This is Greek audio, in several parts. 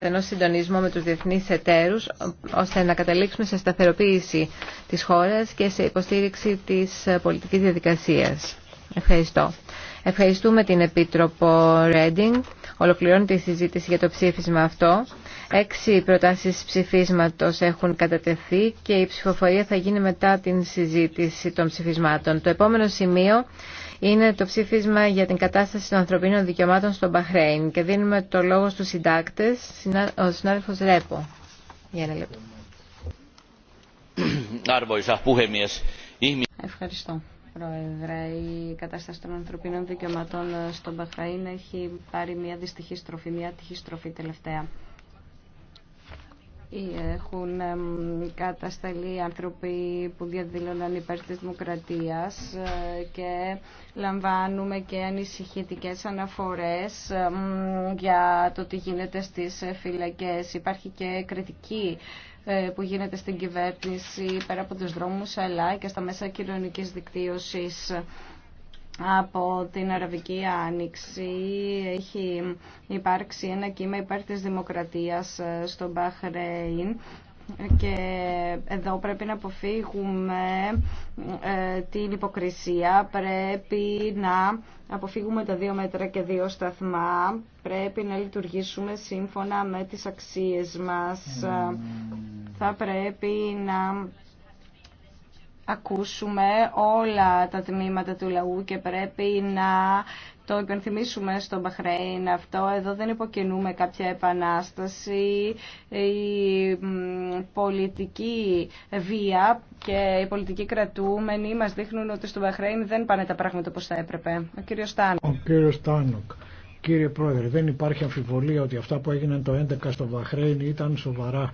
ενός συντονισμού με τους διεθνείς εταίρους ώστε να καταλήξουμε σε σταθεροποίηση της χώρας και σε υποστήριξη της πολιτικής διαδικασίας. Ευχαριστώ. Ευχαριστούμε την Επίτροπο Ρέντινγκ. Ολοκληρώνεται η συζήτηση για το ψήφισμα αυτό. Έξι προτάσεις ψηφίσματος έχουν κατατεθεί και η ψηφοφορία θα γίνει μετά την συζήτηση των ψηφισμάτων. Το επόμενο σημείο είναι το ψήφισμα για την κατάσταση των ανθρωπίνων δικαιωμάτων στον Μπαχρέιν και δίνουμε το λόγο στους συντάκτες, ο συνάδελφος Ρέπο. Για ένα λεπτό. Ευχαριστώ. Πρόεδρε, η κατάσταση των ανθρωπίνων δικαιωμάτων στον Μπαχρέιν έχει πάρει μια δυστυχή στροφή, μια τυχή στροφή τελευταία ή έχουν κατασταλεί άνθρωποι που διαδηλώναν υπέρ της δημοκρατίας ε, και λαμβάνουμε και ανησυχητικές αναφορές για το τι γίνεται στις φυλακές. Υπάρχει και κριτική ε, που γίνεται στην κυβέρνηση πέρα από τους δρόμους αλλά και στα μέσα κοινωνικής δικτύωσης από την Αραβική Άνοιξη έχει υπάρξει ένα κύμα υπέρ της δημοκρατίας ε, στο Μπαχρέιν και εδώ πρέπει να αποφύγουμε ε, την υποκρισία, πρέπει να αποφύγουμε τα δύο μέτρα και δύο σταθμά, πρέπει να λειτουργήσουμε σύμφωνα με τις αξίες μας, mm. θα πρέπει να ακούσουμε όλα τα τμήματα του λαού και πρέπει να το υπενθυμίσουμε στο Μπαχρέιν αυτό. Εδώ δεν υποκινούμε κάποια επανάσταση. Η πολιτική βία και οι πολιτικοί κρατούμενοι μας δείχνουν ότι στο Μπαχρέιν δεν πάνε τα πράγματα όπως θα έπρεπε. Ο κύριος Τάνοκ. Ο κύριος Τάνοκ. Κύριε Πρόεδρε, δεν υπάρχει αμφιβολία ότι αυτά που έγιναν το 11 στο Βαχρέιν ήταν σοβαρά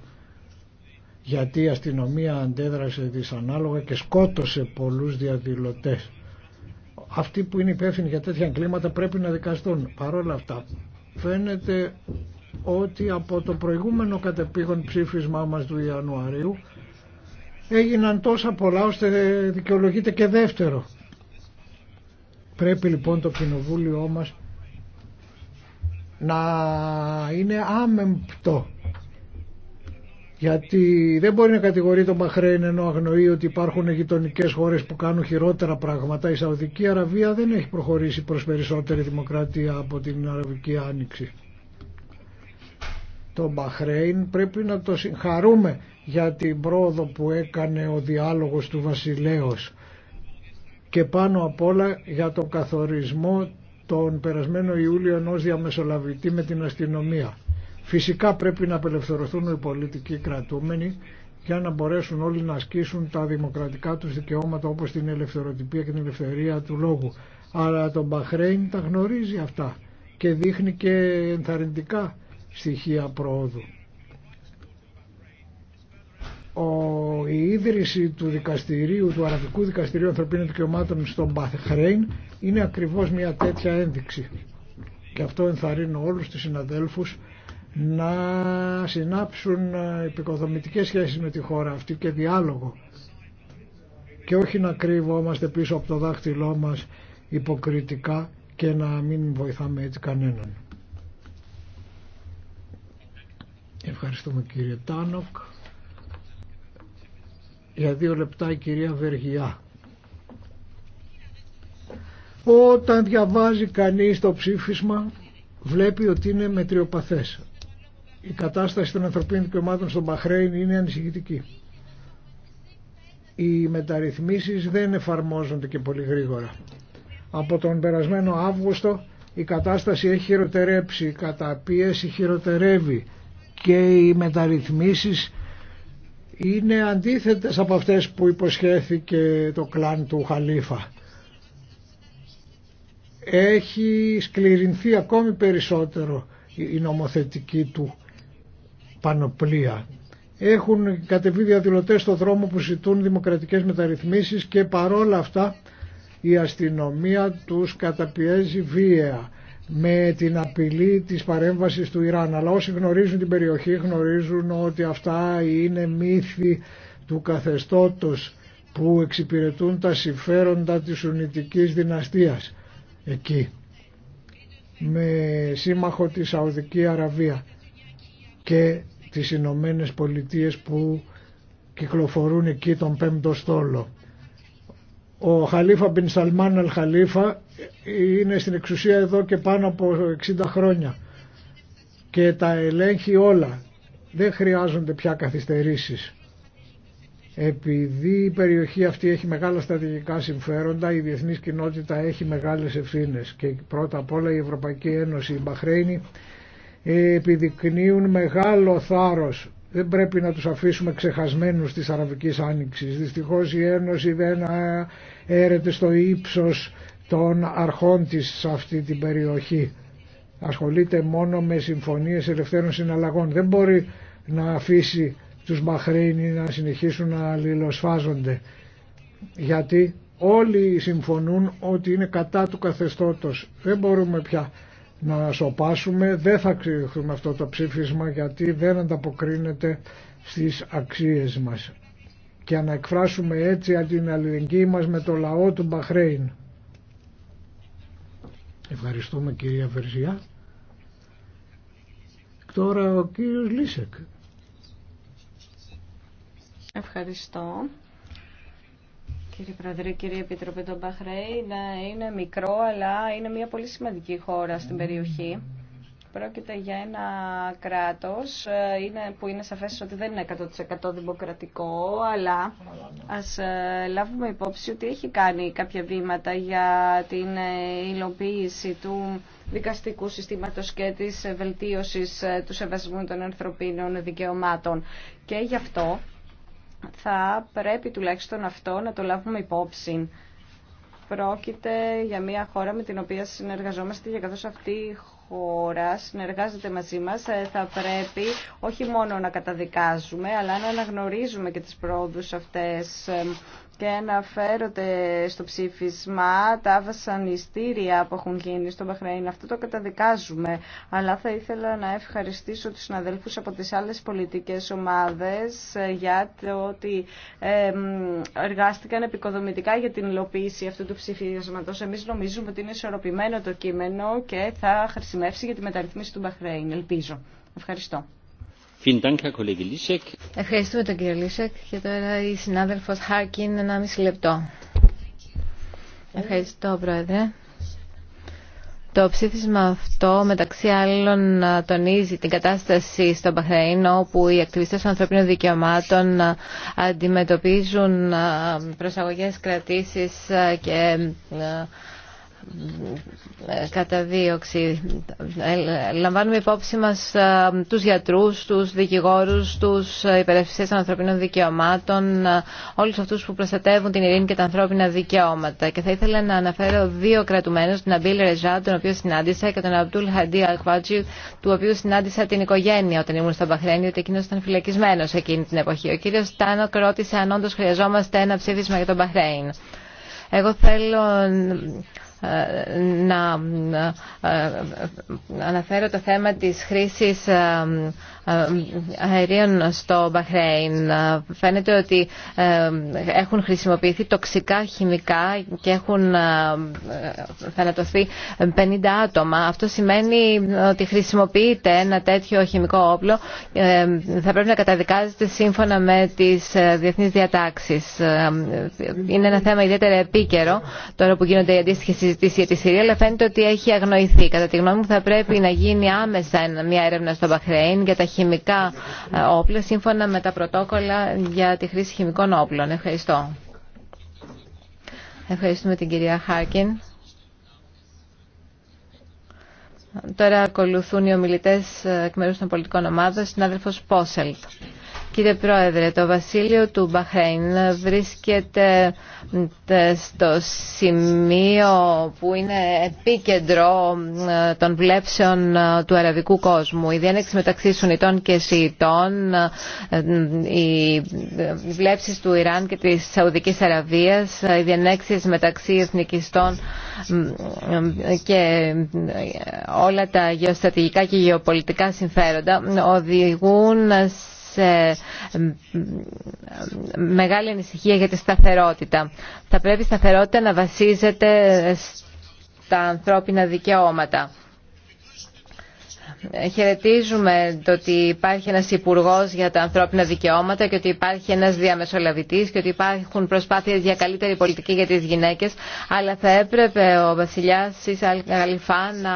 γιατί η αστυνομία αντέδρασε δυσανάλογα και σκότωσε πολλούς διαδηλωτές. Αυτοί που είναι υπεύθυνοι για τέτοια κλίματα πρέπει να δικαστούν. Παρ' όλα αυτά φαίνεται ότι από το προηγούμενο κατεπήγον ψήφισμά μας του Ιανουαρίου έγιναν τόσα πολλά ώστε δικαιολογείται και δεύτερο. Πρέπει λοιπόν το κοινοβούλιο μας να είναι άμεμπτο γιατί δεν μπορεί να κατηγορεί τον Μπαχρέιν ενώ αγνοεί ότι υπάρχουν γειτονικέ χώρε που κάνουν χειρότερα πράγματα. Η Σαουδική Αραβία δεν έχει προχωρήσει προ περισσότερη δημοκρατία από την Αραβική Άνοιξη. Το Μπαχρέιν πρέπει να το συγχαρούμε για την πρόοδο που έκανε ο διάλογος του βασιλέως και πάνω απ' όλα για τον καθορισμό τον περασμένο Ιούλιο ενό διαμεσολαβητή με την αστυνομία. Φυσικά πρέπει να απελευθερωθούν οι πολιτικοί κρατούμενοι για να μπορέσουν όλοι να ασκήσουν τα δημοκρατικά τους δικαιώματα όπως την ελευθεροτυπία και την ελευθερία του λόγου. Αλλά το Μπαχρέιν τα γνωρίζει αυτά και δείχνει και ενθαρρυντικά στοιχεία προόδου. Ο, η ίδρυση του δικαστηρίου, του Αραβικού Δικαστηρίου Ανθρωπίνων Δικαιωμάτων στο Μπαχρέιν είναι ακριβώς μια τέτοια ένδειξη. Και αυτό ενθαρρύνω όλους τους συναδέλφους να συνάψουν ε, επικοδομητικές σχέσεις με τη χώρα αυτή και διάλογο και όχι να κρύβομαστε πίσω από το δάχτυλό μας υποκριτικά και να μην βοηθάμε έτσι κανέναν. Ευχαριστούμε κύριε Τάνοκ. Για δύο λεπτά η κυρία Βεργιά. Όταν διαβάζει κανείς το ψήφισμα βλέπει ότι είναι μετριοπαθές η κατάσταση των ανθρωπίνων δικαιωμάτων στον Μπαχρέιν είναι ανησυχητική. Οι μεταρρυθμίσεις δεν εφαρμόζονται και πολύ γρήγορα. Από τον περασμένο Αύγουστο η κατάσταση έχει χειροτερέψει, η καταπίεση χειροτερεύει και οι μεταρρυθμίσεις είναι αντίθετες από αυτές που υποσχέθηκε το κλάν του Χαλίφα. Έχει σκληρινθεί ακόμη περισσότερο η νομοθετική του πανοπλία. Έχουν κατεβεί διαδηλωτές στο δρόμο που ζητούν δημοκρατικές μεταρρυθμίσεις και παρόλα αυτά η αστυνομία τους καταπιέζει βία με την απειλή της παρέμβασης του Ιράν. Αλλά όσοι γνωρίζουν την περιοχή γνωρίζουν ότι αυτά είναι μύθοι του καθεστώτος που εξυπηρετούν τα συμφέροντα της Σουνιτικής δυναστείας εκεί με σύμμαχο τη Σαουδική Αραβία και στις Ηνωμένε Πολιτείε που κυκλοφορούν εκεί τον πέμπτο στόλο. Ο Χαλίφα Μπιν Σαλμάν Αλ Χαλίφα είναι στην εξουσία εδώ και πάνω από 60 χρόνια και τα ελέγχει όλα. Δεν χρειάζονται πια καθυστερήσεις. Επειδή η περιοχή αυτή έχει μεγάλα στρατηγικά συμφέροντα, η διεθνής κοινότητα έχει μεγάλες ευθύνες και πρώτα απ' όλα η Ευρωπαϊκή Ένωση, η Μπαχρέινη επιδεικνύουν μεγάλο θάρρος. Δεν πρέπει να τους αφήσουμε ξεχασμένους της Αραβικής Άνοιξης. Δυστυχώς η Ένωση δεν έρεται στο ύψος των αρχών της σε αυτή την περιοχή. Ασχολείται μόνο με συμφωνίες ελευθέρων συναλλαγών. Δεν μπορεί να αφήσει τους Μπαχρίνι να συνεχίσουν να αλληλοσφάζονται. Γιατί όλοι συμφωνούν ότι είναι κατά του καθεστώτος. Δεν μπορούμε πια να σοπάσουμε. Δεν θα κρυφθούμε αυτό το ψήφισμα γιατί δεν ανταποκρίνεται στις αξίες μας. Και να εκφράσουμε έτσι την αλληλεγγύη μας με το λαό του Μπαχρέιν. Ευχαριστούμε κυρία Βερζιά. Τώρα ο κύριος Λίσεκ. Ευχαριστώ. Κύριε Πρόεδρε, κύριε Επίτροπε, το Μπαχρέι ε, είναι μικρό, αλλά είναι μια πολύ σημαντική χώρα στην περιοχή. Πρόκειται για ένα κράτος ε, είναι, που είναι σαφές ότι δεν είναι 100% δημοκρατικό, αλλά ας ε, λάβουμε υπόψη ότι έχει κάνει κάποια βήματα για την υλοποίηση του δικαστικού συστήματος και της βελτίωσης του σεβασμού των ανθρωπίνων δικαιωμάτων. Και γι' αυτό θα πρέπει τουλάχιστον αυτό να το λάβουμε υπόψη. Πρόκειται για μια χώρα με την οποία συνεργαζόμαστε και καθώς αυτή η χώρα συνεργάζεται μαζί μας ε, θα πρέπει όχι μόνο να καταδικάζουμε αλλά να αναγνωρίζουμε και τις πρόοδους αυτές ε, και αναφέρονται στο ψήφισμα τα βασανιστήρια που έχουν γίνει στο Μπαχρέιν. Αυτό το καταδικάζουμε. Αλλά θα ήθελα να ευχαριστήσω τους συναδέλφους από τις άλλες πολιτικές ομάδες ε, για το ότι εργάστηκαν επικοδομητικά για την υλοποίηση αυτού του ψηφίσματος. Εμείς νομίζουμε ότι είναι ισορροπημένο το κείμενο και θα χρησιμεύσει για τη μεταρρυθμίση του Μπαχρέιν. Ελπίζω. Ευχαριστώ. Ευχαριστούμε τον κύριο Λίσεκ και τώρα η συνάδελφο Χάρκιν μισή λεπτό. Ευχαριστώ Πρόεδρε. Το ψήφισμα αυτό μεταξύ άλλων τονίζει την κατάσταση στο Μπαχρέιν όπου οι ακτιβιστές των ανθρωπίνων δικαιωμάτων αντιμετωπίζουν ε, προσαγωγές, κρατήσεις ε, και ε, ε, καταδίωξη. Ε, λαμβάνουμε υπόψη μας ε, τους γιατρούς, τους δικηγόρους, τους υπερευθυνσίες των ανθρωπίνων δικαιωμάτων, όλους αυτούς που προστατεύουν την ειρήνη και τα ανθρώπινα δικαιώματα. Και θα ήθελα να αναφέρω δύο κρατουμένους, τον Αμπίλ Ρεζά, τον οποίο συνάντησα, και τον Αμπτούλ Χαντί Αλκβάτζι, του οποίου συνάντησα την οικογένεια όταν ήμουν στο Μπαχρένι, ότι εκείνο ήταν φυλακισμένο εκείνη την εποχή. Ο κύριο Τάνοκ ρώτησε αν όντω χρειαζόμαστε ένα ψήφισμα για τον Μπαχρέν. Εγώ θέλω ε, να ε, ε, αναφέρω το θέμα της χρήσης αερίων στο Μπαχρέιν. Φαίνεται ότι έχουν χρησιμοποιηθεί τοξικά χημικά και έχουν θανατωθεί 50 άτομα. Αυτό σημαίνει ότι χρησιμοποιείται ένα τέτοιο χημικό όπλο θα πρέπει να καταδικάζεται σύμφωνα με τις διεθνείς διατάξεις. Είναι ένα θέμα ιδιαίτερα επίκαιρο τώρα που γίνονται οι αντίστοιχες συζητήσει για τη Συρία, αλλά φαίνεται ότι έχει αγνοηθεί. Κατά τη γνώμη μου θα πρέπει να γίνει άμεσα μια έρευνα στο Μπαχρέιν για τα χημικά ε, όπλα, σύμφωνα με τα πρωτόκολλα για τη χρήση χημικών όπλων. Ευχαριστώ. Ευχαριστούμε την κυρία Χάρκιν. Τώρα ακολουθούν οι ομιλητές ε, εκ μέρους των πολιτικών ομάδων, συνάδελφος Πόσελτ. Κύριε Πρόεδρε, το βασίλειο του Μπαχρέιν βρίσκεται ε, στο σημείο που είναι επίκεντρο ε, των βλέψεων ε, του αραβικού κόσμου. Η διένεξη μεταξύ Σουνιτών και Σιητών, οι βλέψεις του Ιράν και της Σαουδικής Αραβίας, οι διενέξεις μεταξύ εθνικιστών και όλα τα γεωστρατηγικά και γεωπολιτικά συμφέροντα οδηγούν σε μεγάλη ανησυχία για τη σταθερότητα. Θα πρέπει η σταθερότητα να βασίζεται στα ανθρώπινα δικαιώματα. Χαιρετίζουμε το ότι υπάρχει ένας υπουργό για τα ανθρώπινα δικαιώματα και ότι υπάρχει ένας διαμεσολαβητής και ότι υπάρχουν προσπάθειες για καλύτερη πολιτική για τις γυναίκες, αλλά θα έπρεπε ο βασιλιάς Ισαλ Γαλιφά να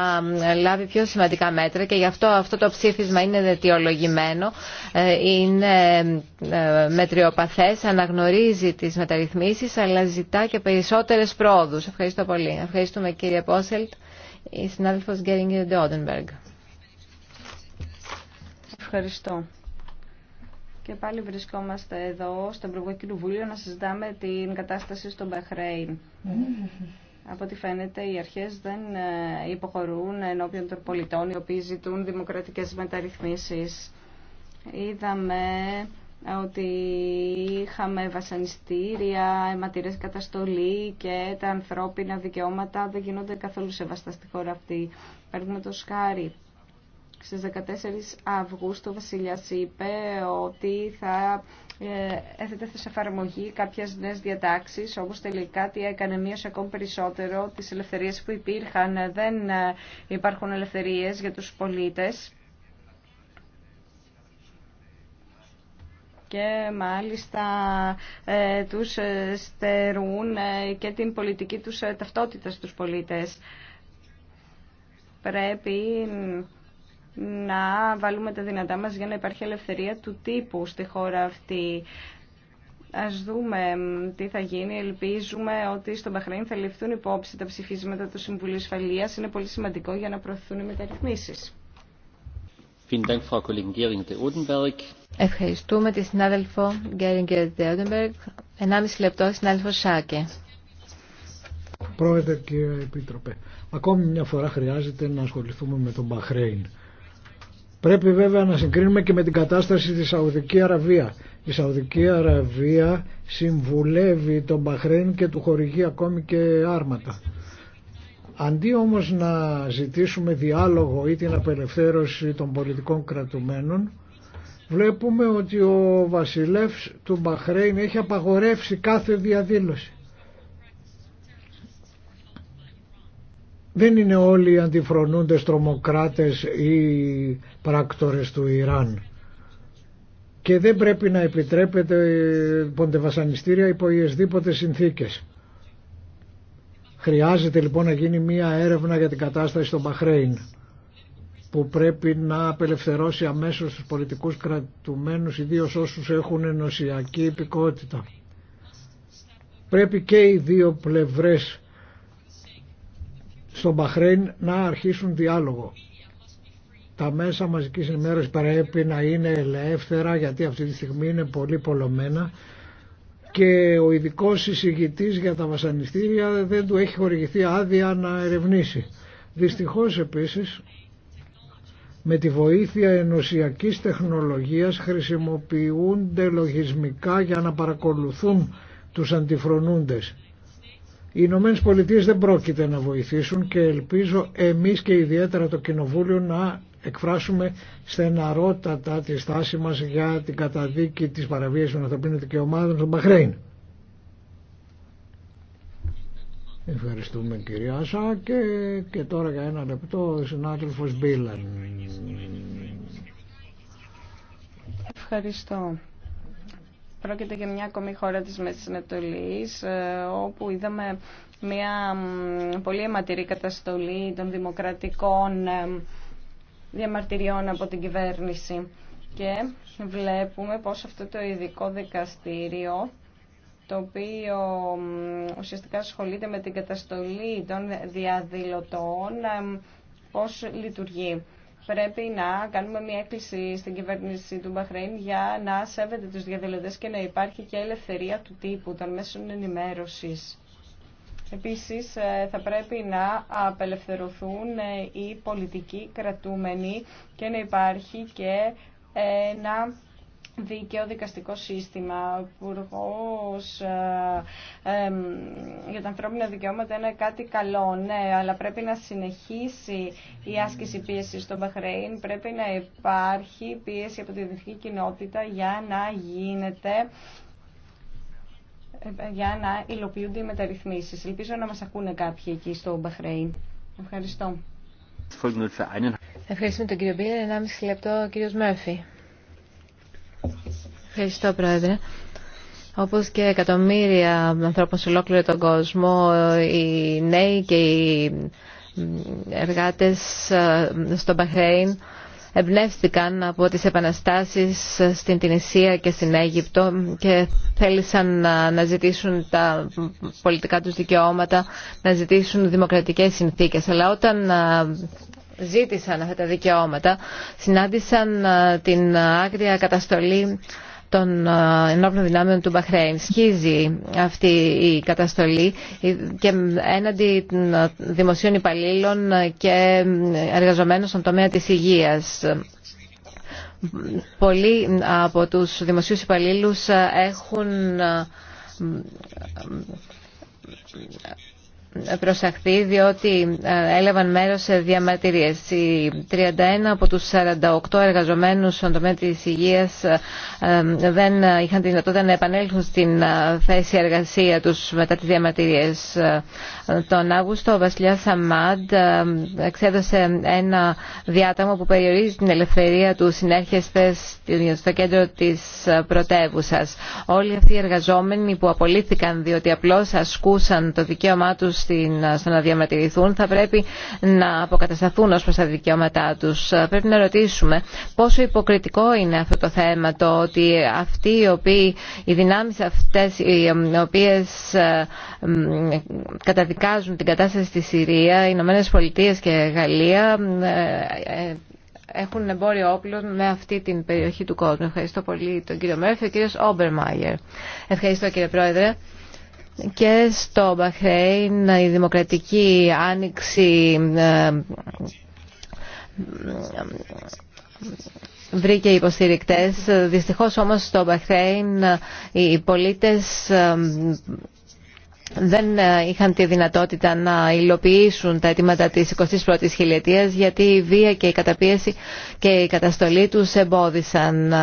λάβει πιο σημαντικά μέτρα και γι' αυτό αυτό το ψήφισμα είναι δετιολογημένο ε, είναι ε, μετριοπαθές, αναγνωρίζει τις μεταρρυθμίσεις, αλλά ζητά και περισσότερες πρόοδους. Ευχαριστώ πολύ. Ευχαριστούμε κύριε Πόσελτ. Η συνάδελφος Γκέρινγκ Ντόντενμπεργκ. Ευχαριστώ. Και πάλι βρισκόμαστε εδώ στο Ευρωπαϊκό Κοινοβούλιο να συζητάμε την κατάσταση στο Μπαχρέιν. Από ό,τι φαίνεται οι αρχές δεν ε, υποχωρούν ενώπιον των πολιτών οι οποίοι ζητούν δημοκρατικές μεταρρυθμίσεις. Είδαμε ε, ότι είχαμε βασανιστήρια, αιματηρές καταστολή και τα ανθρώπινα δικαιώματα δεν γίνονται καθόλου σεβαστά στη χώρα αυτή. Παίρνουμε το στις 14 Αυγούστου ο Βασιλιάς είπε ότι θα ε, έθετε σε εφαρμογή κάποιες νέες διατάξεις, όμως τελικά τι έκανε μείωσε ακόμη περισσότερο τις ελευθερίες που υπήρχαν. Δεν ε, υπάρχουν ελευθερίες για τους πολίτες. και μάλιστα ε, τους στερούν και την πολιτική τους ταυτότητα στους πολίτες. Πρέπει να βάλουμε τα δυνατά μας για να υπάρχει ελευθερία του τύπου στη χώρα αυτή. Ας δούμε τι θα γίνει. Ελπίζουμε ότι στο Μπαχρέιν θα ληφθούν υπόψη τα ψηφίσματα του Συμβουλίου Ασφαλείας. Είναι πολύ σημαντικό για να προωθούν οι μεταρρυθμίσεις. Ευχαριστούμε τη συνάδελφο Γκέριγκερ Δεόντεμπεργκ. 1,5 λεπτό συνάδελφο Σάκε. Πρόεδρε και Επίτροπε, ακόμη μια φορά χρειάζεται να ασχοληθούμε με τον Μπαχρέιν. Πρέπει βέβαια να συγκρίνουμε και με την κατάσταση της Σαουδική Αραβία. Η Σαουδική Αραβία συμβουλεύει τον Μπαχρέν και του χορηγεί ακόμη και άρματα. Αντί όμως να ζητήσουμε διάλογο ή την απελευθέρωση των πολιτικών κρατουμένων, βλέπουμε ότι ο βασιλεύς του Μπαχρέιν έχει απαγορεύσει κάθε διαδήλωση. Δεν είναι όλοι οι αντιφρονούντες τρομοκράτες ή πράκτορες του Ιράν. Και δεν πρέπει να επιτρέπεται ποντεβασανιστήρια υπό ιεσδήποτε συνθήκες. Χρειάζεται λοιπόν να γίνει μία έρευνα για την κατάσταση στο Μπαχρέιν που πρέπει να απελευθερώσει αμέσως τους πολιτικούς κρατουμένους ιδίως όσους έχουν ενωσιακή υπηκότητα. Πρέπει και οι δύο πλευρές στο Μπαχρέιν να αρχίσουν διάλογο. Τα μέσα μαζικής ενημέρωσης πρέπει να είναι ελεύθερα γιατί αυτή τη στιγμή είναι πολύ πολλωμένα και ο ειδικό συζητητής για τα βασανιστήρια δεν του έχει χορηγηθεί άδεια να ερευνήσει. Δυστυχώς επίσης με τη βοήθεια ενωσιακής τεχνολογίας χρησιμοποιούνται λογισμικά για να παρακολουθούν τους αντιφρονούντες οι Ηνωμένε Πολιτείε δεν πρόκειται να βοηθήσουν και ελπίζω εμείς και ιδιαίτερα το Κοινοβούλιο να εκφράσουμε στεναρότατα τη στάση μας για την καταδίκη της παραβίασης των ανθρωπίνων δικαιωμάτων στον Μπαχρέιν. Ευχαριστούμε κυρία Σάκε και τώρα για ένα λεπτό ο συνάδελφος Μπίλαν. Ευχαριστώ. Πρόκειται για μια ακόμη χώρα της Μέσης Ανατολής, ε, όπου είδαμε μια πολύ αιματηρή καταστολή των δημοκρατικών ε, διαμαρτυριών από την κυβέρνηση. Και βλέπουμε πως αυτό το ειδικό δικαστήριο το οποίο ουσιαστικά ασχολείται με την καταστολή των διαδηλωτών, ε, πώς λειτουργεί πρέπει να κάνουμε μια έκκληση στην κυβέρνηση του Μπαχρέιν για να σέβεται τους διαδηλωτές και να υπάρχει και ελευθερία του τύπου των μέσων ενημέρωσης. Επίσης ε, θα πρέπει να απελευθερωθούν ε, οι πολιτικοί κρατούμενοι και να υπάρχει και ένα δίκαιο δικαστικό σύστημα. Ο Υπουργό ε, για τα ανθρώπινα δικαιώματα είναι κάτι καλό, ναι, αλλά πρέπει να συνεχίσει η άσκηση πίεση στο Μπαχρέιν. Πρέπει να υπάρχει πίεση από τη διεθνή κοινότητα για να γίνεται για να υλοποιούνται οι μεταρρυθμίσεις. Ελπίζω να μας ακούνε κάποιοι εκεί στο Μπαχρέιν. Ευχαριστώ. Ευχαριστούμε τον κύριο Μπίλερ. μισή λεπτό ο κύριος Μέρφυ. Ευχαριστώ, Πρόεδρε. Όπως και εκατομμύρια ανθρώπων σε ολόκληρο τον κόσμο, οι νέοι και οι εργάτες ε, στο Μπαχρέιν εμπνεύστηκαν από τις επαναστάσεις στην Τινησία και στην Αίγυπτο και θέλησαν να, ζητήσουν τα πολιτικά τους δικαιώματα, να ζητήσουν δημοκρατικές συνθήκες. Αλλά όταν ε, ζήτησαν αυτά τα δικαιώματα, συνάντησαν ε, την άγρια καταστολή των ε, ενόπλων δυνάμεων του Μπαχρέιν. Σχίζει αυτή η καταστολή ε, και έναντι ε, δημοσίων υπαλλήλων και εργαζομένων στον τομέα της υγείας. Πολλοί από τους δημοσίους υπαλλήλους έχουν προσαχθεί διότι ε, έλαβαν μέρος σε διαμαρτυρίες. Οι 31 από τους 48 εργαζομένους στον τομέα της υγείας ε, ε, δεν είχαν τη δυνατότητα να επανέλθουν στην θέση εργασία τους μετά τις διαμαρτυρίες. Τον Αύγουστο ο βασιλιάς Σαμάντ εξέδωσε ένα διάταγμα που περιορίζει την ελευθερία του συνέρχεστε στο κέντρο της πρωτεύουσα. Όλοι αυτοί οι εργαζόμενοι που απολύθηκαν διότι απλώς ασκούσαν το δικαίωμά τους στην, στο να διαμαρτυρηθούν θα πρέπει να αποκατασταθούν ως προς τα δικαιώματά τους. Πρέπει να ρωτήσουμε πόσο υποκριτικό είναι αυτό το θέμα το ότι αυτοί οι οποίοι, οι δυνάμεις αυτές οι ε, οποίες ε, καταδικάζουν την κατάσταση στη Συρία, οι Ηνωμένε Πολιτείες και Γαλλία ε, έχουν εμπόριο όπλων με αυτή την περιοχή του κόσμου. Ευχαριστώ πολύ τον κύριο Μέρφη και κύριο Όμπερ Όμπερμαγερ. Ευχαριστώ κύριε Πρόεδρε και στο Μπαχρέιν η δημοκρατική άνοιξη ε, βρήκε υποστηρικτές. Δυστυχώς όμως στο Μπαχρέιν οι πολίτες ε, δεν είχαν τη δυνατότητα να υλοποιήσουν τα αιτήματα της 21ης χιλιετίας γιατί η βία και η καταπίεση και η καταστολή τους εμπόδισαν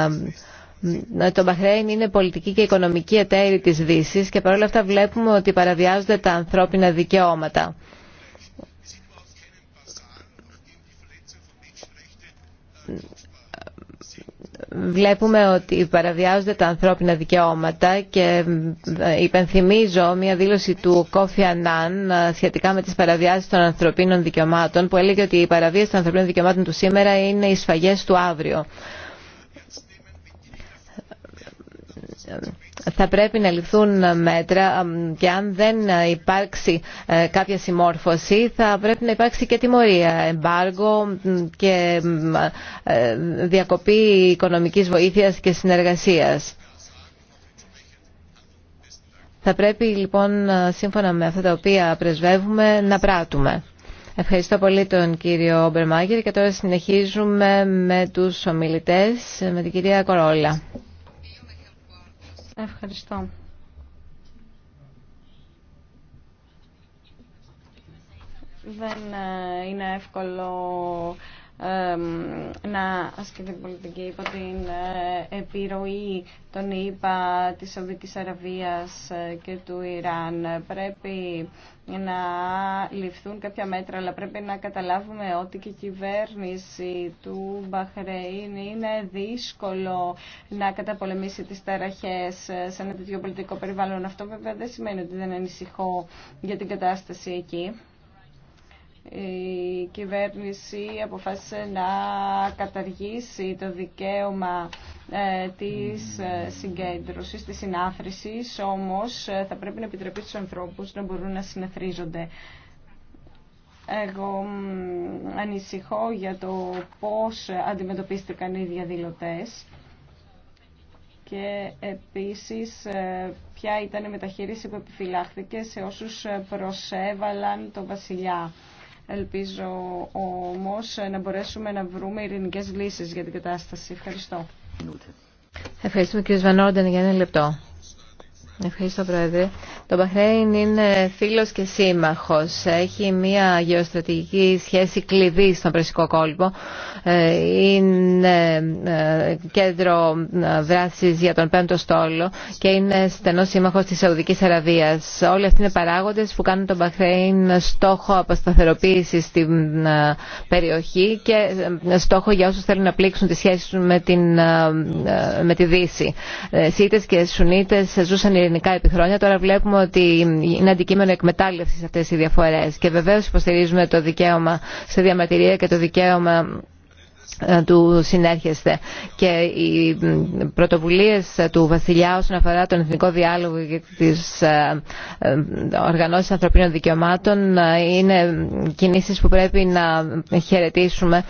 ε, το Μπαχρέιν είναι πολιτική και οικονομική εταίρη της Δύσης και παρόλα αυτά βλέπουμε ότι παραβιάζονται τα ανθρώπινα δικαιώματα. Βλέπουμε ότι παραβιάζονται τα ανθρώπινα δικαιώματα και ε, υπενθυμίζω μια δήλωση του Κόφι Ανάν ε, σχετικά με τις παραβιάσεις των ανθρωπίνων δικαιωμάτων που έλεγε ότι οι παραβίες των ανθρωπίνων δικαιωμάτων του σήμερα είναι οι σφαγές του αύριο. θα πρέπει να ληφθούν μέτρα και αν δεν υπάρξει ε, κάποια συμμόρφωση θα πρέπει να υπάρξει και τιμωρία, εμπάργο και ε, διακοπή οικονομικής βοήθειας και συνεργασίας. Θα πρέπει λοιπόν σύμφωνα με αυτά τα οποία πρεσβεύουμε να πράττουμε. Ευχαριστώ πολύ τον κύριο Μπερμάγκερ και τώρα συνεχίζουμε με τους ομιλητές, με την κυρία Κορόλα. Ευχαριστώ. Δεν ε, είναι εύκολο να ασκείται πολιτική υπό την ε, επιρροή των ΗΠΑ, της Σοβιτικής Αραβίας ε, και του Ιράν. Πρέπει να ληφθούν κάποια μέτρα, αλλά πρέπει να καταλάβουμε ότι και η κυβέρνηση του Μπαχρέιν είναι δύσκολο να καταπολεμήσει τις ταραχές ε, σε ένα τέτοιο πολιτικό περιβάλλον. Αυτό βέβαια δεν σημαίνει ότι δεν ανησυχώ για την κατάσταση εκεί η κυβέρνηση αποφάσισε να καταργήσει το δικαίωμα ε, της ε, συγκέντρωσης, της συνάθρησης, όμως ε, θα πρέπει να επιτρεπεί στους ανθρώπους να μπορούν να συνεθρίζονται. Εγώ ανησυχώ για το πώς αντιμετωπίστηκαν οι διαδηλωτές και επίσης ποια ήταν η μεταχείριση που επιφυλάχθηκε σε όσους προσέβαλαν τον βασιλιά. Ελπίζω όμως να μπορέσουμε να βρούμε ειρηνικέ λύσεις για την κατάσταση. Ευχαριστώ. Ευχαριστούμε κύριε Βανόντεν για ένα λεπτό. Ευχαριστώ, Πρόεδρε. Το Μπαχρέιν είναι φίλος και σύμμαχος. Έχει μια γεωστρατηγική σχέση κλειδί στον Περσικό κόλπο. Ε, είναι ε, κέντρο ε, δράσης για τον Πέμπτο Στόλο και είναι στενός σύμμαχος της Σαουδικής Αραβίας. Όλοι αυτοί είναι παράγοντες που κάνουν τον Μπαχρέιν στόχο αποσταθεροποίησης στην περιοχή και στόχο για όσους θέλουν να πλήξουν τις σχέσεις με, την, με τη Δύση. Σίτες και Σουνίτες ζούσαν ειρηνικά επί χρόνια. Τώρα βλέπουμε ότι είναι αντικείμενο εκμετάλλευση αυτέ οι διαφορέ. Και βεβαίω υποστηρίζουμε το δικαίωμα σε διαμαρτυρία και το δικαίωμα ε, του συνέρχεστε και οι πρωτοβουλίες του Βασιλιά όσον αφορά τον εθνικό διάλογο και τις ε, ε, οργανώσεις ανθρωπίνων δικαιωμάτων είναι κινήσεις που πρέπει να χαιρετήσουμε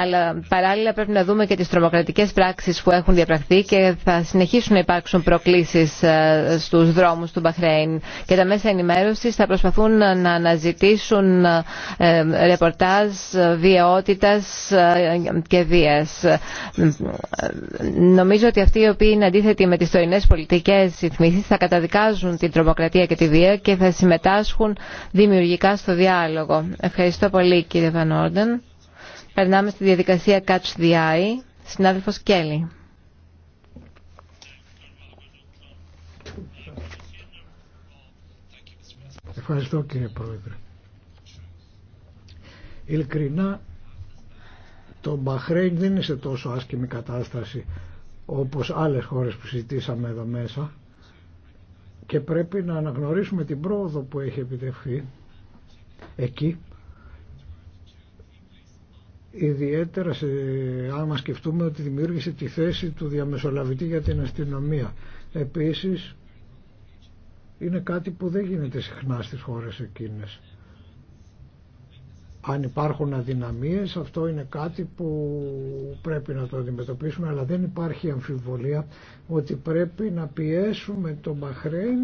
αλλά παράλληλα πρέπει να δούμε και τις τρομοκρατικές πράξεις που έχουν διαπραχθεί και θα συνεχίσουν να υπάρξουν προκλήσεις ε, στους δρόμους του Μπαχρέιν και τα μέσα ενημέρωσης θα προσπαθούν να αναζητήσουν ε, ρεπορτάζ βιαιότητας ε, και βίας. Νομίζω ότι αυτοί οι οποίοι είναι αντίθετοι με τις τωρινές πολιτικές ρυθμίσεις θα καταδικάζουν την τρομοκρατία και τη βία και θα συμμετάσχουν δημιουργικά στο διάλογο. Ευχαριστώ πολύ κύριε Βανόρντεν. Περνάμε στη διαδικασία Catch the Eye. Συνάδελφος Κέλλη. Ευχαριστώ κύριε Πρόεδρε. Ειλικρινά το Μπαχρέιν δεν είναι σε τόσο άσκημη κατάσταση όπως άλλες χώρες που συζητήσαμε εδώ μέσα και πρέπει να αναγνωρίσουμε την πρόοδο που έχει επιτευχθεί εκεί ιδιαίτερα σε, άμα σκεφτούμε ότι δημιούργησε τη θέση του διαμεσολαβητή για την αστυνομία. Επίσης είναι κάτι που δεν γίνεται συχνά στις χώρες εκείνες. Αν υπάρχουν αδυναμίες αυτό είναι κάτι που πρέπει να το αντιμετωπίσουμε αλλά δεν υπάρχει αμφιβολία ότι πρέπει να πιέσουμε τον Μπαχρέιν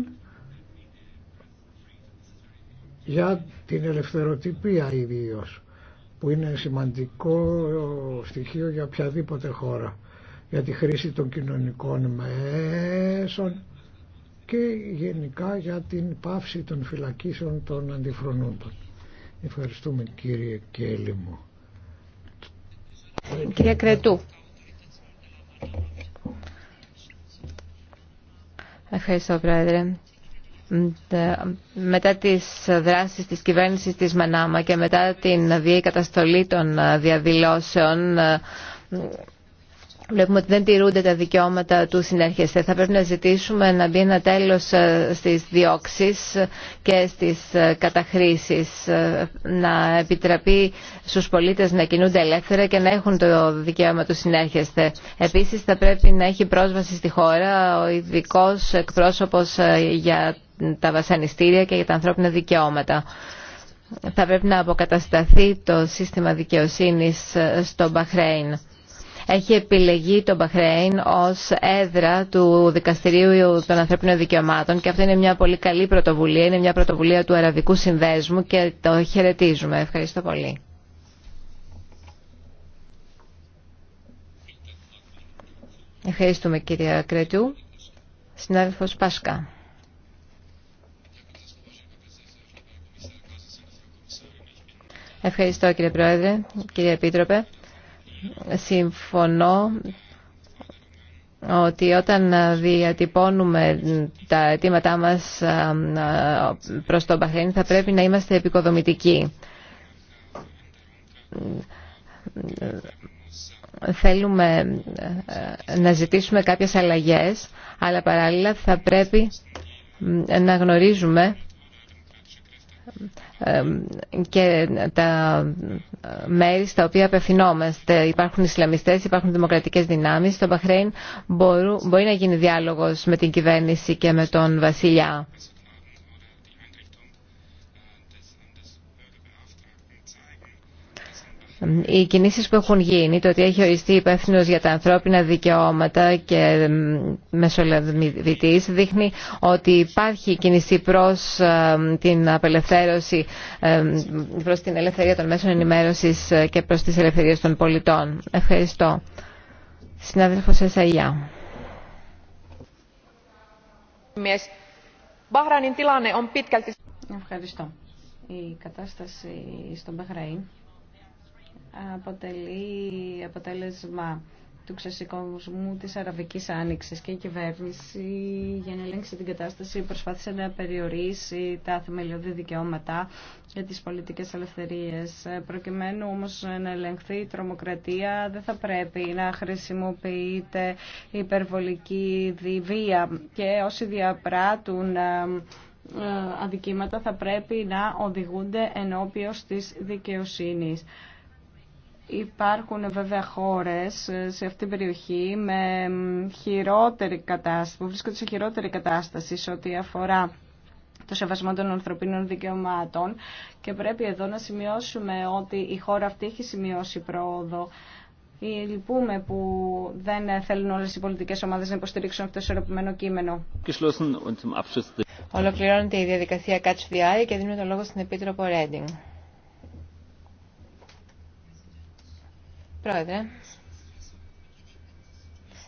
για την ελευθεροτυπία ιδίω που είναι σημαντικό στοιχείο για οποιαδήποτε χώρα για τη χρήση των κοινωνικών μέσων και γενικά για την πάυση των φυλακίσεων των αντιφρονούντων. Ευχαριστούμε κύριε Κέλλη μου. κύριε Κρετού. Ευχαριστώ Πρόεδρε μετά τις δράσεις της κυβέρνησης της Μανάμα και μετά την διεκαταστολή των διαδηλώσεων Βλέπουμε ότι δεν τηρούνται τα δικαιώματα του συνέρχεσθε. Θα πρέπει να ζητήσουμε να μπει ένα τέλος ε, στις διώξεις και στις ε, καταχρήσεις. Ε, να επιτραπεί στους πολίτες να κινούνται ελεύθερα και να έχουν το δικαίωμα του συνέρχεσθε. Επίσης θα πρέπει να έχει πρόσβαση στη χώρα ο ειδικό εκπρόσωπος για τα βασανιστήρια και για τα ανθρώπινα δικαιώματα θα πρέπει να αποκατασταθεί το σύστημα δικαιοσύνης στο Μπαχρέιν έχει επιλεγεί τον Μπαχρέιν ως έδρα του Δικαστηρίου των Ανθρωπίνων Δικαιωμάτων και αυτό είναι μια πολύ καλή πρωτοβουλία, είναι μια πρωτοβουλία του Αραβικού Συνδέσμου και το χαιρετίζουμε. Ευχαριστώ πολύ. Ευχαριστούμε κυρία Κρέτου. Συνάδελφος Πάσκα. Ευχαριστώ κύριε Πρόεδρε, κύριε Επίτροπε συμφωνώ ότι όταν διατυπώνουμε τα αιτήματά μας προς τον Παχρέν θα πρέπει να είμαστε επικοδομητικοί. Θέλουμε να ζητήσουμε κάποιες αλλαγές, αλλά παράλληλα θα πρέπει να γνωρίζουμε και τα ε, μέρη στα οποία απευθυνόμαστε. Υπάρχουν Ισλαμιστές, υπάρχουν δημοκρατικές δυνάμεις. Στο Μπαχρέιν μπορεί να γίνει διάλογος με την κυβέρνηση και με τον βασιλιά. οι κινήσεις που έχουν γίνει, το ότι έχει οριστεί υπεύθυνο για τα ανθρώπινα δικαιώματα και μεσολαβητής δείχνει ότι υπάρχει κίνηση προς ε, την απελευθέρωση, ε, προς την ελευθερία των μέσων ενημέρωσης ε, και προς τις ελευθερίες των πολιτών. Ευχαριστώ. Συνάδελφος Εσαγιά. Ευχαριστώ. Η κατάσταση στον Μπαχραήν αποτελεί αποτέλεσμα του ξεσηκώσμου της Αραβικής Άνοιξης και η κυβέρνηση για να ελέγξει την κατάσταση προσπάθησε να περιορίσει τα θεμελιώδη δικαιώματα για τις πολιτικές ελευθερίες. Προκειμένου όμως να ελεγχθεί η τρομοκρατία δεν θα πρέπει να χρησιμοποιείται υπερβολική βία και όσοι διαπράττουν ε, ε, αδικήματα θα πρέπει να οδηγούνται ενώπιος της δικαιοσύνης. Υπάρχουν βέβαια χώρες ε, σε αυτήν την περιοχή με χειρότερη κατάσταση, που βρίσκονται σε χειρότερη κατάσταση σε ό,τι αφορά το σεβασμό των ανθρωπίνων δικαιωμάτων και πρέπει εδώ να σημειώσουμε ότι η χώρα αυτή έχει σημειώσει πρόοδο. Λυπούμε που δεν θέλουν όλες οι πολιτικές ομάδες να υποστηρίξουν αυτό το ισορροπημένο κείμενο. Ολοκληρώνεται η διαδικασία Catch the Eye και δίνουμε το λόγο στην Επίτροπο Πρόεδρε,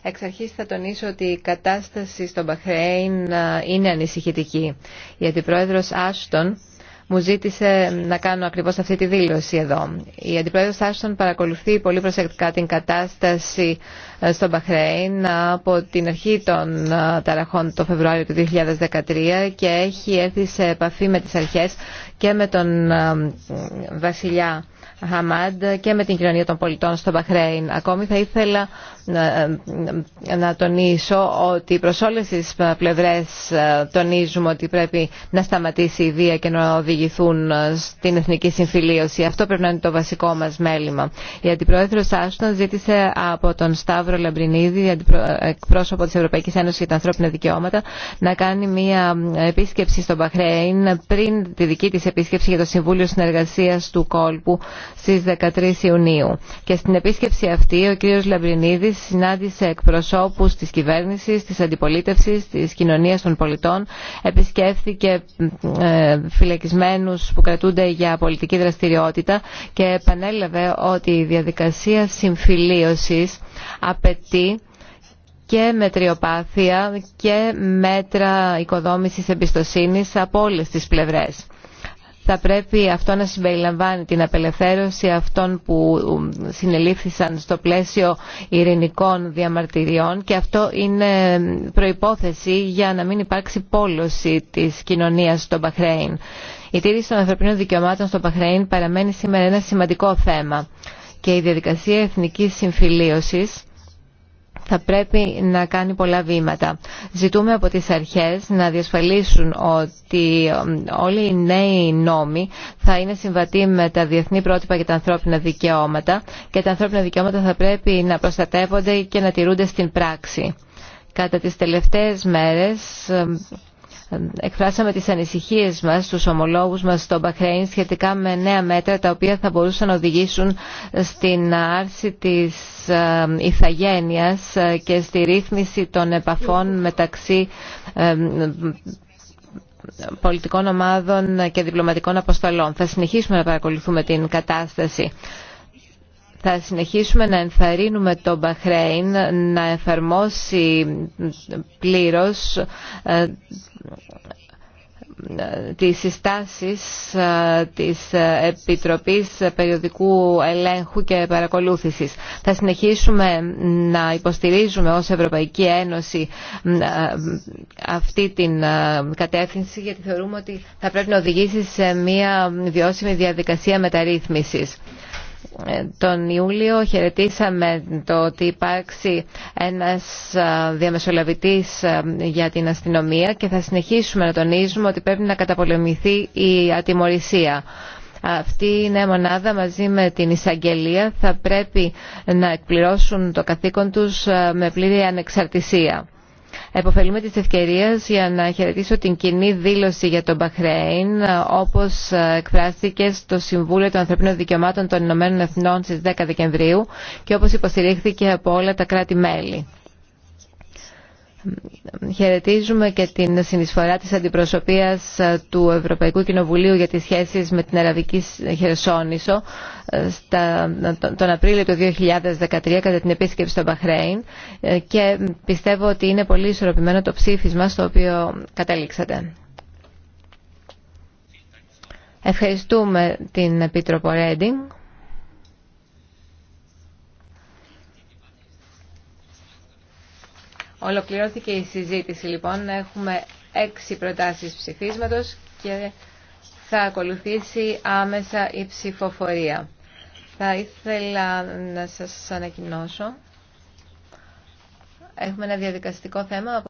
Εξ αρχής θα τονίσω ότι η κατάσταση στο Παχρέιν ε, είναι ανησυχητική. Η Αντιπρόεδρος Άστον μου ζήτησε να κάνω ακριβώς αυτή τη δήλωση εδώ. Η Αντιπρόεδρος Άστον παρακολουθεί πολύ προσεκτικά την κατάσταση ε, στον Παχρέιν από την αρχή των ε, ταραχών το Φεβρουάριο του 2013 και έχει έρθει σε επαφή με τις αρχές και με τον βασιλιά και με την κοινωνία των πολιτών στο Μπαχρέιν. Ακόμη θα ήθελα ε, να τονίσω ότι προς όλες τις πλευρές ε, τονίζουμε ότι πρέπει να σταματήσει η βία και να οδηγηθούν ε, στην εθνική συμφιλίωση. Αυτό πρέπει να είναι το βασικό μας μέλημα. Η Αντιπρόεδρος Άστον ζήτησε από τον Σταύρο Λαμπρινίδη, εκπρόσωπο της Ευρωπαϊκής Ένωσης για τα Ανθρώπινα Δικαιώματα, να κάνει μια επίσκεψη στο Μπαχρέιν πριν τη δική της επίσκεψη για το Συμβούλιο Συνεργασίας του Κόλπου στις 13 Ιουνίου. Και στην επίσκεψη αυτή ο κ. Λαμπρινίδης συνάντησε εκπροσώπους της κυβέρνησης, της αντιπολίτευσης, της κοινωνίας των πολιτών, επισκέφθηκε ε, φυλακισμένους που κρατούνται για πολιτική δραστηριότητα και επανέλαβε ότι η διαδικασία συμφιλίωσης απαιτεί και μετριοπάθεια και μέτρα οικοδόμησης εμπιστοσύνης από όλες τις πλευρές θα πρέπει αυτό να συμπεριλαμβάνει την απελευθέρωση αυτών που συνελήφθησαν στο πλαίσιο ειρηνικών διαμαρτυριών και αυτό είναι προϋπόθεση για να μην υπάρξει πόλωση της κοινωνίας στο Μπαχρέιν. Η τήρηση των ανθρωπίνων δικαιωμάτων στο Μπαχρέιν παραμένει σήμερα ένα σημαντικό θέμα και η διαδικασία εθνικής συμφιλίωσης θα πρέπει να κάνει πολλά βήματα. Ζητούμε από τις αρχές να διασφαλίσουν ότι όλοι οι νέοι νόμοι θα είναι συμβατοί με τα διεθνή πρότυπα για τα ανθρώπινα δικαιώματα και τα ανθρώπινα δικαιώματα θα πρέπει να προστατεύονται και να τηρούνται στην πράξη. Κατά τις τελευταίες μέρες εκφράσαμε τις ανησυχίες μας στους ομολόγους μας στο Μπαχρέιν σχετικά με νέα μέτρα τα οποία θα μπορούσαν να οδηγήσουν στην άρση της ε, ηθαγένειας ε, και στη ρύθμιση των επαφών μεταξύ ε, πολιτικών ομάδων και διπλωματικών αποστολών. Θα συνεχίσουμε να παρακολουθούμε την κατάσταση. Θα συνεχίσουμε να ενθαρρύνουμε τον Μπαχρέιν να εφαρμόσει πλήρως ε, τις συστάσεις ε, της Επιτροπής Περιοδικού Ελέγχου και Παρακολούθησης. Θα συνεχίσουμε να υποστηρίζουμε ως Ευρωπαϊκή Ένωση ε, αυτή την κατεύθυνση γιατί θεωρούμε ότι θα πρέπει να οδηγήσει σε μια βιώσιμη διαδικασία μεταρρύθμισης. Ε, τον Ιούλιο χαιρετήσαμε το ότι υπάρξει ένας διαμεσολαβητής για την αστυνομία και θα συνεχίσουμε να τονίζουμε ότι πρέπει να καταπολεμηθεί η ατιμορρησία. Αυτή η νέα μονάδα μαζί με την εισαγγελία θα πρέπει να εκπληρώσουν το καθήκον τους με πλήρη ανεξαρτησία. Εποφελούμε της ευκαιρίας για να χαιρετήσω την κοινή δήλωση για τον Μπαχρέιν όπως εκφράστηκε στο Συμβούλιο των Ανθρωπίνων Δικαιωμάτων των Ηνωμένων Εθνών στις 10 Δεκεμβρίου και όπως υποστηρίχθηκε από όλα τα κράτη-μέλη. Χαιρετίζουμε και την συνεισφορά της αντιπροσωπείας ε, του Ευρωπαϊκού Κοινοβουλίου για τις σχέσεις με την Αραβική ε, Χερσόνησο ε, τον Απρίλιο του 2013 κατά την επίσκεψη στο Μπαχρέιν και πιστεύω ότι είναι πολύ ισορροπημένο το ψήφισμα στο οποίο καταλήξατε. Ευχαριστούμε την Επίτροπο Ρέντινγκ. Ολοκληρώθηκε η συζήτηση λοιπόν. Έχουμε έξι προτάσεις ψηφίσματος και θα ακολουθήσει άμεσα η ψηφοφορία. Θα ήθελα να σας ανακοινώσω. Έχουμε ένα διαδικαστικό θέμα.